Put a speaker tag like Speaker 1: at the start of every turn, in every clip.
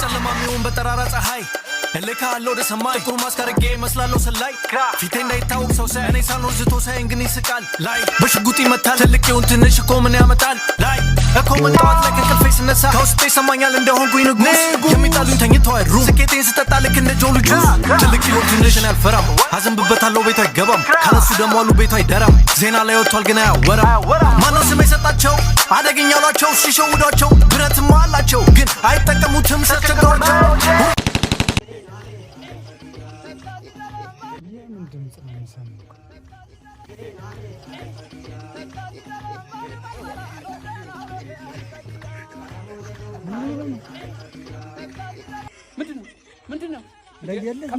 Speaker 1: በጨለማ የሚሆን በጠራራ ፀሐይ እልካ አለው ወደ ሰማይ ጥቁር ማስካረጌ መስላለሁ ሰላይ ፊቴ እንዳይታወቅ ሰው ሳይ እኔ ሳልኖር ዝቶ ሳይ ግን ይስቃል ላይ በሽጉጥ ይመታል ትልቅ ይሁን ትንሽ እኮ ምን ያመጣል ላይ በኮመን ጠዋት ላይ ከእንቅልፌ ስነሳ ከውስጤ ይሰማኛል እንደሆንኩኝ ንጉስ የሚጣሉኝ ተኝተው አይሩ ስኬቴን ስጠጣ ልክ እንደ ጆሉ ጁስ ትልቅ ይሆን ትንሽን አልፈራም አዘንብበታለሁ ቤቱ አይገባም ካለሱ ደሞ አሉ ቤቱ አይደራም ዜና ላይ ወጥቷል ግን አያወራም ማነው ስም የሰጣቸው አደገኛ አሏቸው ሲሸውዷቸው ብረትማ አላቸው ግን አይጠቀሙትም ሲያስቸግሯቸው
Speaker 2: ለየለህ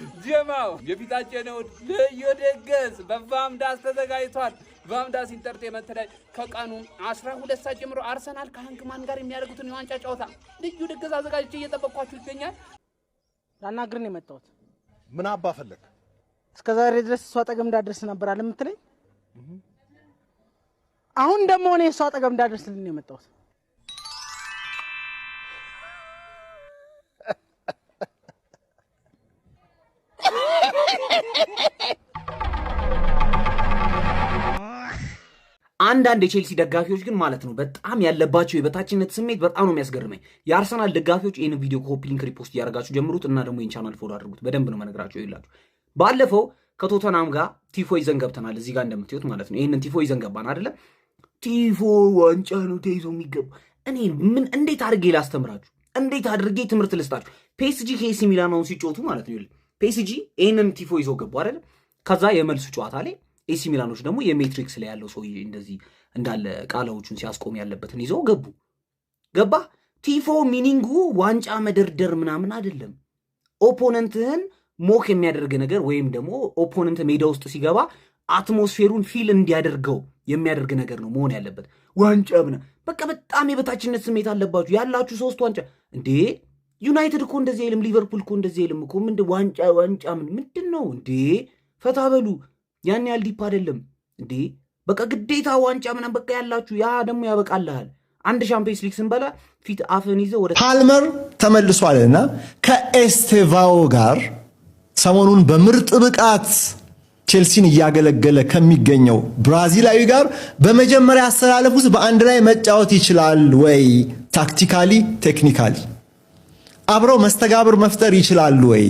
Speaker 2: ጀማው የፊታቸውን ልዩ ድግስ በቫምዳስ ተዘጋጅቷል። ቫምዳስ ኢንተርቴመንት ላይ ከቀኑ 12 ሰዓት ጀምሮ አርሰናል ከሀንክማን ጋር የሚያደርጉትን የዋንጫ ጨዋታ ልዩ ድግስ አዘጋጅቼ እየጠበቅኳችሁ ይገኛል።
Speaker 3: ላናግር ነው የመጣሁት።
Speaker 4: ምን አባ ፈለግ?
Speaker 3: እስከ ዛሬ ድረስ እሷ አጠገብ እንዳደርስ ነበር አለ የምትለኝ። አሁን ደግሞ እኔ እሷ አጠገብ እንዳደርስልን ነው የመጣሁት።
Speaker 5: አንዳንድ የቼልሲ ደጋፊዎች ግን ማለት ነው በጣም ያለባቸው የበታችነት ስሜት በጣም ነው የሚያስገርመኝ። የአርሰናል ደጋፊዎች ይህን ቪዲዮ ኮፒ ሊንክ ሪፖስት እያደረጋችሁ ጀምሩት እና ደግሞ ይህን ቻናል ፎሎ አድርጉት። በደንብ ነው መነግራቸው ይላችሁ። ባለፈው ከቶተናም ጋር ቲፎ ይዘን ገብተናል። እዚህ ጋር እንደምትዩት ማለት ነው ይህንን ቲፎ ይዘን ገባን አይደለም። ቲፎ ዋንጫ ነው ተይዞ የሚገባ እኔ ምን እንዴት አድርጌ ላስተምራችሁ? እንዴት አድርጌ ትምህርት ልስጣችሁ? ፒኤስጂ ኬሲ ሚላን ሲጮቱ ማለት ነው ፔሲጂ ይህንን ቲፎ ይዞ ገቡ አይደለም። ከዛ የመልሱ ጨዋታ ላይ ኤሲ ሚላኖች ደግሞ የሜትሪክስ ላይ ያለው ሰው እንደዚህ እንዳለ ቃላዎቹን ሲያስቆም ያለበትን ይዘው ገቡ። ገባ ቲፎ ሚኒንጉ ዋንጫ መደርደር ምናምን አይደለም። ኦፖነንትህን ሞክ የሚያደርግ ነገር ወይም ደግሞ ኦፖነንት ሜዳ ውስጥ ሲገባ አትሞስፌሩን ፊል እንዲያደርገው የሚያደርግ ነገር ነው መሆን ያለበት። ዋንጫ ምና በቃ በጣም የበታችነት ስሜት አለባችሁ ያላችሁ ሶስት ዋንጫ እንዴ ዩናይትድ እኮ እንደዚህ አይልም፣ ሊቨርፑል እኮ እንደዚህ አይልም እኮ ምንድ ዋንጫ ዋንጫ ምን ምንድን ነው እንዴ? ፈታ በሉ ያን ያህል ዲፕ አይደለም እንዴ? በቃ ግዴታ ዋንጫ ምናም በቃ ያላችሁ ያ ደግሞ ያበቃልሃል። አንድ ሻምፒየንስ ሊግ ስንበላ ፊት አፍን ይዘ ወደ
Speaker 6: ፓልመር ተመልሷልና ከኤስቴቫኦ ጋር ሰሞኑን በምርጥ ብቃት ቼልሲን እያገለገለ ከሚገኘው ብራዚላዊ ጋር በመጀመሪያ አሰላለፍ ውስጥ በአንድ ላይ መጫወት ይችላል ወይ? ታክቲካሊ ቴክኒካሊ አብረው መስተጋብር መፍጠር ይችላሉ ወይ?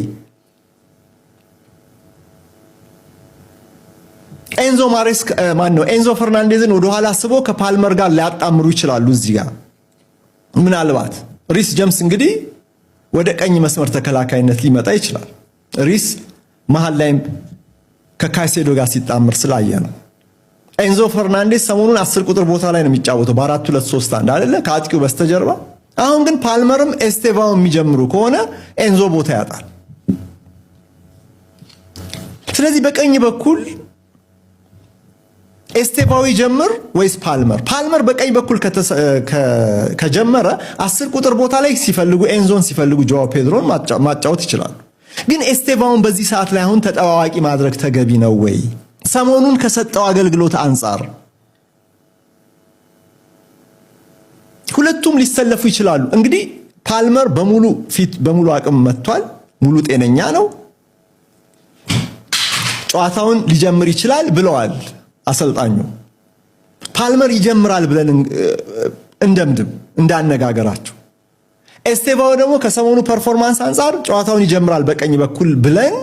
Speaker 6: ኤንዞ ማሬስ ማን ነው? ኤንዞ ፈርናንዴዝን ወደኋላ አስቦ ከፓልመር ጋር ሊያጣምሩ ይችላሉ። እዚህ ጋር ምናልባት ሪስ ጀምስ እንግዲህ ወደ ቀኝ መስመር ተከላካይነት ሊመጣ ይችላል። ሪስ መሀል ላይም ከካይሴዶ ጋር ሲጣምር ስላየ ነው። ኤንዞ ፈርናንዴዝ ሰሞኑን አስር ቁጥር ቦታ ላይ ነው የሚጫወተው በአራት ሁለት ሶስት አንድ አይደለ ከአጥቂው በስተጀርባ አሁን ግን ፓልመርም ኤስቴቫው የሚጀምሩ ከሆነ ኤንዞ ቦታ ያጣል። ስለዚህ በቀኝ በኩል ኤስቴቫዊ ጀምር ወይስ ፓልመር? ፓልመር በቀኝ በኩል ከጀመረ አስር ቁጥር ቦታ ላይ ሲፈልጉ ኤንዞን ሲፈልጉ ጆዋ ፔድሮን ማጫወት ይችላሉ። ግን ኤስቴቫውን በዚህ ሰዓት ላይ አሁን ተጠባዋቂ ማድረግ ተገቢ ነው ወይ? ሰሞኑን ከሰጠው አገልግሎት አንጻር ሁለቱም ሊሰለፉ ይችላሉ። እንግዲህ ፓልመር በሙሉ ፊት በሙሉ አቅም መጥቷል። ሙሉ ጤነኛ ነው። ጨዋታውን ሊጀምር ይችላል ብለዋል አሰልጣኙ። ፓልመር ይጀምራል ብለን እንደምድም እንዳነጋገራቸው። ኤስቴቫው ደግሞ ከሰሞኑ ፐርፎርማንስ አንጻር ጨዋታውን ይጀምራል በቀኝ በኩል ብለን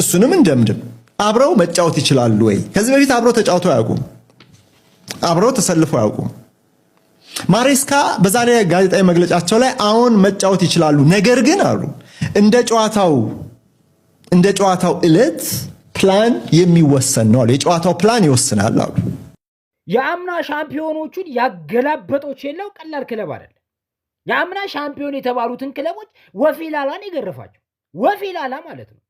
Speaker 6: እሱንም እንደምድም። አብረው መጫወት ይችላሉ ወይ? ከዚህ በፊት አብረው ተጫውተው አያውቁም። አብረው ተሰልፈው አያውቁም። ማሬስካ በዛሬ ጋዜጣዊ መግለጫቸው ላይ አሁን መጫወት ይችላሉ፣ ነገር ግን አሉ እንደ ጨዋታው እንደ ጨዋታው ዕለት ፕላን የሚወሰን ነው አሉ። የጨዋታው ፕላን ይወስናል አሉ።
Speaker 7: የአምና ሻምፒዮኖቹን ያገላበጦች የለው ቀላል ክለብ አይደለም። የአምና ሻምፒዮን የተባሉትን ክለቦች ወፌላላን የገረፋቸው ወፌላላ ማለት ነው።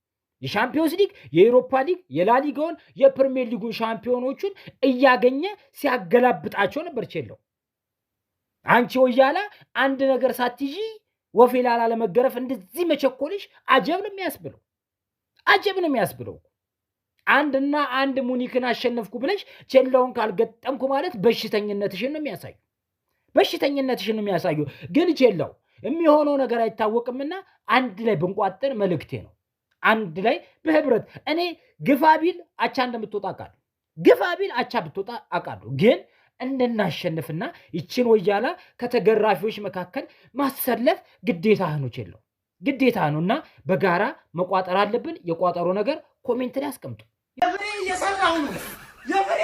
Speaker 7: የሻምፒዮንስ ሊግ፣ የኤሮፓ ሊግ፣ የላሊጋውን፣ የፕሪሚየር ሊጉን ሻምፒዮኖቹን እያገኘ ሲያገላብጣቸው ነበር ቼለው። አንቺ ወያላ አንድ ነገር ሳትይዢ ወፌ ላላ ለመገረፍ እንደዚህ መቸኮልሽ አጀብ ነው የሚያስብለው። አጀብ ነው የሚያስብለው። አንድና አንድ ሙኒክን አሸነፍኩ ብለሽ ቼላውን ካልገጠምኩ ማለት በሽተኝነትሽን ነው የሚያሳዩ በሽተኝነትሽን ነው የሚያሳዩ። ግን ቼላው የሚሆነው ነገር አይታወቅምና አንድ ላይ ብንቋጥር መልእክቴ ነው። አንድ ላይ በህብረት እኔ ግፋ ቢል አቻ እንደምትወጣ አውቃለሁ። ግፋ ቢል አቻ ብትወጣ አውቃለሁ ግን እንድናሸንፍና ይችን ወያላ ከተገራፊዎች መካከል ማሰለፍ ግዴታ ህኖች የለው ግዴታ ነው እና በጋራ መቋጠር አለብን። የቋጠሮ ነገር ኮሜንት ላይ አስቀምጡ።
Speaker 8: የፍሬ እየሰራሁ ነው። የፍሬ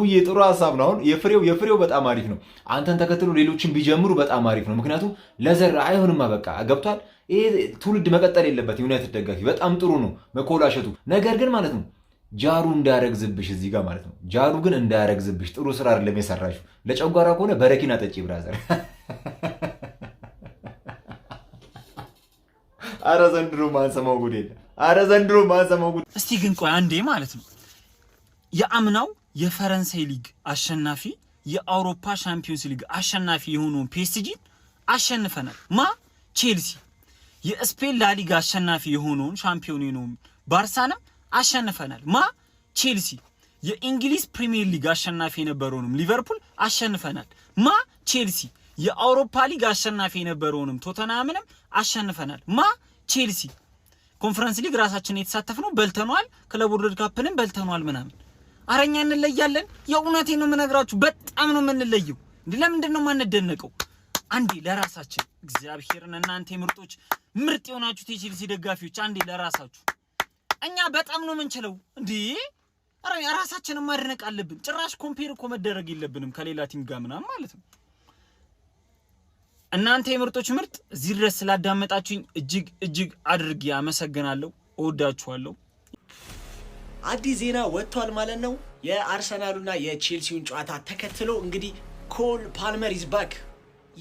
Speaker 5: አቡዬ ጥሩ ሀሳብ ነው። አሁን የፍሬው የፍሬው በጣም አሪፍ ነው። አንተን ተከትሎ ሌሎችን ቢጀምሩ በጣም አሪፍ ነው። ምክንያቱም ለዘር አይሆንማ በቃ ገብቷል። ይሄ ትውልድ መቀጠል የለበት። ዩናይትድ ደጋፊ በጣም ጥሩ ነው መኮላሸቱ። ነገር ግን ማለት ነው ጃሩ እንዳያረግዝብሽ እዚህ ጋር ማለት ነው። ጃሩ ግን እንዳያረግዝብሽ ጥሩ ስራ አይደለም የሰራሽው። ለጨጓራ ከሆነ በረኪና ጠጪ ብራዘር።
Speaker 9: አረ ዘንድሮ ማንሰማው ጉድ የለ። አረ ዘንድሮ ማንሰማው ጉድ።
Speaker 10: እስቲ ግን ቆይ አንዴ ማለት ነው የአምናው የፈረንሳይ ሊግ አሸናፊ የአውሮፓ ሻምፒዮንስ ሊግ አሸናፊ የሆነውን ፒኤስጂን አሸንፈናል። ማ ቼልሲ የስፔን ላሊጋ አሸናፊ የሆነውን ሻምፒዮን የሆነውን ባርሳንም አሸንፈናል። ማ ቼልሲ የእንግሊዝ ፕሪሚየር ሊግ አሸናፊ የነበረውንም ሊቨርፑል አሸንፈናል። ማ ቼልሲ የአውሮፓ ሊግ አሸናፊ የነበረውንም ቶተናምንም አሸንፈናል። ማ ቼልሲ ኮንፈረንስ ሊግ ራሳችን የተሳተፍነው በልተኗል። ክለብ ወርልድ ካፕንም በልተኗል ምናምን አረኛ እንለያለን። የእውነቴ ነው የምነግራችሁ፣ በጣም ነው የምንለየው። ለምንድን ነው የማንደነቀው? አንዴ ለራሳችን እግዚአብሔርን፣ እናንተ ምርጦች፣ ምርጥ የሆናችሁ የቼልሲ ደጋፊዎች፣ አንዴ ለራሳችሁ እኛ በጣም ነው የምንችለው። እንዴ ራሳችንን ማድነቅ አለብን። ጭራሽ ኮምፔር እኮ መደረግ የለብንም ከሌላ ቲም ጋር ምናምን ማለት ነው። እናንተ የምርጦች ምርጥ፣ እዚህ ድረስ ስላዳመጣችሁኝ እጅግ እጅግ አድርጌ አመሰግናለሁ። እወዳችኋለሁ። አዲስ ዜና ወጥቷል ማለት ነው። የአርሰናሉና የቼልሲውን ጨዋታ ተከትሎ እንግዲህ ኮል ፓልመር ኢዝ ባክ።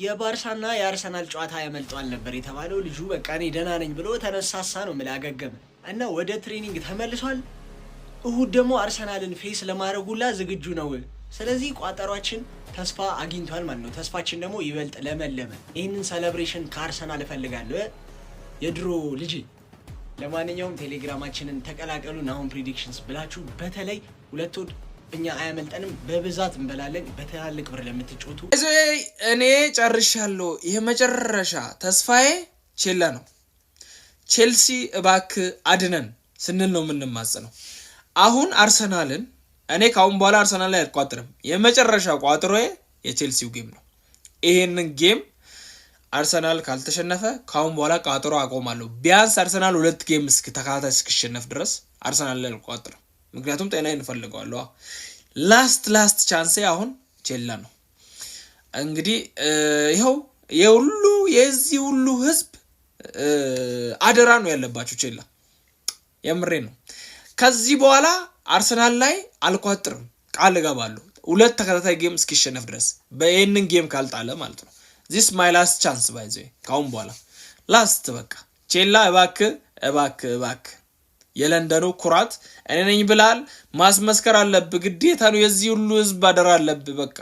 Speaker 10: የባርሳና የአርሰናል ጨዋታ ያመልጧል ነበር የተባለው ልጁ በቃ እኔ ደህና ነኝ ብሎ ተነሳሳ ነው ምል አገገመ እና ወደ ትሬኒንግ ተመልሷል። እሁድ ደግሞ አርሰናልን ፌስ ለማድረጉላ ዝግጁ ነው። ስለዚህ ቋጠሯችን ተስፋ አግኝቷል ማለት ነው። ተስፋችን ደግሞ ይበልጥ ለመለመ። ይህንን ሰለብሬሽን ከአርሰናል እፈልጋለሁ የድሮ ልጅ ለማንኛውም ቴሌግራማችንን ተቀላቀሉ። ናሁን ፕሪዲክሽንስ ብላችሁ በተለይ ሁለት ወድ እኛ አያመልጠንም፣ በብዛት እንበላለን። በትላልቅ ብር ለምትጮቱ
Speaker 11: እኔ ጨርሻለሁ። የመጨረሻ ተስፋዬ ቼላ ነው። ቼልሲ እባክ አድነን ስንል ነው ነው። አሁን አርሰናልን እኔ ከአሁን በኋላ አርሰናል ላይ አልቋጥርም። የመጨረሻ ቋጥሮዬ የቼልሲው ጌም ነው። ይሄንን ጌም አርሰናል ካልተሸነፈ ካሁን በኋላ ቋጥሮ አቆማለሁ። ቢያንስ አርሰናል ሁለት ጌም እስክ ተከታታይ እስክሸነፍ ድረስ አርሰናል ላይ አልቋጥርም። ምክንያቱም ጤና እንፈልገዋለሁ። ላስት ላስት ቻንሴ አሁን ቼላ ነው። እንግዲህ ይኸው የሁሉ የዚህ ሁሉ ህዝብ አደራ ነው ያለባቸው ቼላ። የምሬ ነው። ከዚህ በኋላ አርሰናል ላይ አልቋጥርም ቃል እገባለሁ። ሁለት ተከታታይ ጌም እስኪሸነፍ ድረስ በይህንን ጌም ካልጣለ ማለት ነው። ዚስ ማይ ላስት ቻንስ ባይ ዘ ካሁን በኋላ ላስት በቃ ቼላ እባክ እባክ እባክ የለንደኑ ኩራት እኔ ነኝ ብላል ማስመስከር አለብህ። ግዴታ ነው። የዚህ ሁሉ ህዝብ አደራ አለብህ። በቃ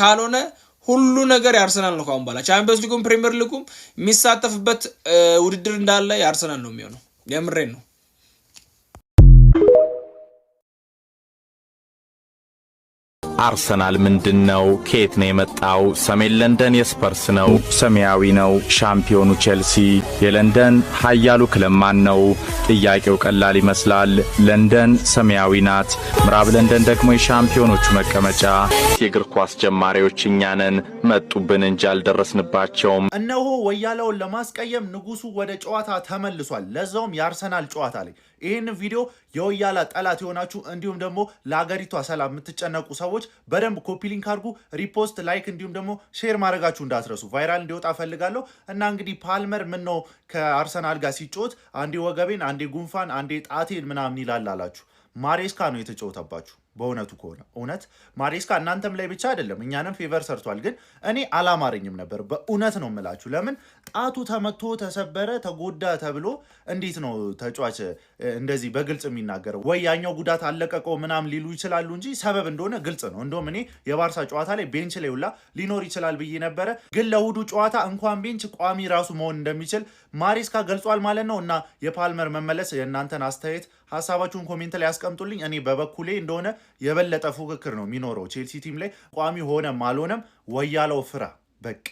Speaker 11: ካልሆነ ሁሉ ነገር የአርሰናል ነው። ካሁን በኋላ ቻምፒዮንስ ሊጉም ፕሪሚየር ሊጉም የሚሳተፍበት ውድድር እንዳለ የአርሰናል ነው የሚሆነው። የምሬን ነው።
Speaker 12: አርሰናል ምንድን ነው? ከየት ነው የመጣው? ሰሜን ለንደን የስፐርስ ነው፣ ሰማያዊ ነው። ሻምፒዮኑ ቼልሲ፣ የለንደን ኃያሉ ክለብ ማን ነው? ጥያቄው ቀላል ይመስላል። ለንደን ሰማያዊ ናት፣ ምዕራብ ለንደን ደግሞ የሻምፒዮኖቹ መቀመጫ።
Speaker 13: የእግር ኳስ ጀማሪዎች እኛ ነን፣ መጡብን እንጂ አልደረስንባቸውም።
Speaker 14: እነሆ ወያለውን ለማስቀየም ንጉሱ ወደ ጨዋታ ተመልሷል፣ ለዛውም የአርሰናል ጨዋታ ላይ ይህን ቪዲዮ የወያላ ጠላት የሆናችሁ እንዲሁም ደግሞ ለሀገሪቷ ሰላም የምትጨነቁ ሰዎች በደንብ ኮፒ ሊንክ አድርጉ፣ ሪፖስት፣ ላይክ እንዲሁም ደግሞ ሼር ማድረጋችሁ እንዳትረሱ። ቫይራል እንዲወጣ ፈልጋለሁ እና እንግዲህ ፓልመር ምን ነው ከአርሰናል ጋር ሲጫወት አንዴ ወገቤን፣ አንዴ ጉንፋን፣ አንዴ ጣቴን ምናምን ይላል አላችሁ። ማሬስካ ነው የተጫወተባችሁ። በእውነቱ ከሆነ እውነት ማሬስካ እናንተም ላይ ብቻ አይደለም እኛንም ፌቨር ሰርቷል። ግን እኔ አላማረኝም ነበር በእውነት ነው የምላችሁ። ለምን ጣቱ ተመቶ ተሰበረ፣ ተጎዳ ተብሎ እንዴት ነው ተጫዋች እንደዚህ በግልጽ የሚናገረው? ወይ ያኛው ጉዳት አለቀቀው ምናም ሊሉ ይችላሉ እንጂ ሰበብ እንደሆነ ግልጽ ነው። እንደውም እኔ የባርሳ ጨዋታ ላይ ቤንች ላይ ሁላ ሊኖር ይችላል ብዬ ነበረ። ግን ለእሑዱ ጨዋታ እንኳን ቤንች ቋሚ ራሱ መሆን እንደሚችል ማሬስካ ገልጿል ማለት ነው። እና የፓልመር መመለስ የእናንተን አስተያየት ሀሳባችሁን ኮሜንት ላይ ያስቀምጡልኝ። እኔ በበኩሌ እንደሆነ የበለጠ ፉክክር ነው የሚኖረው ቼልሲ ቲም ላይ ቋሚ ሆነም አልሆነም ወያለው ፍራ በቅ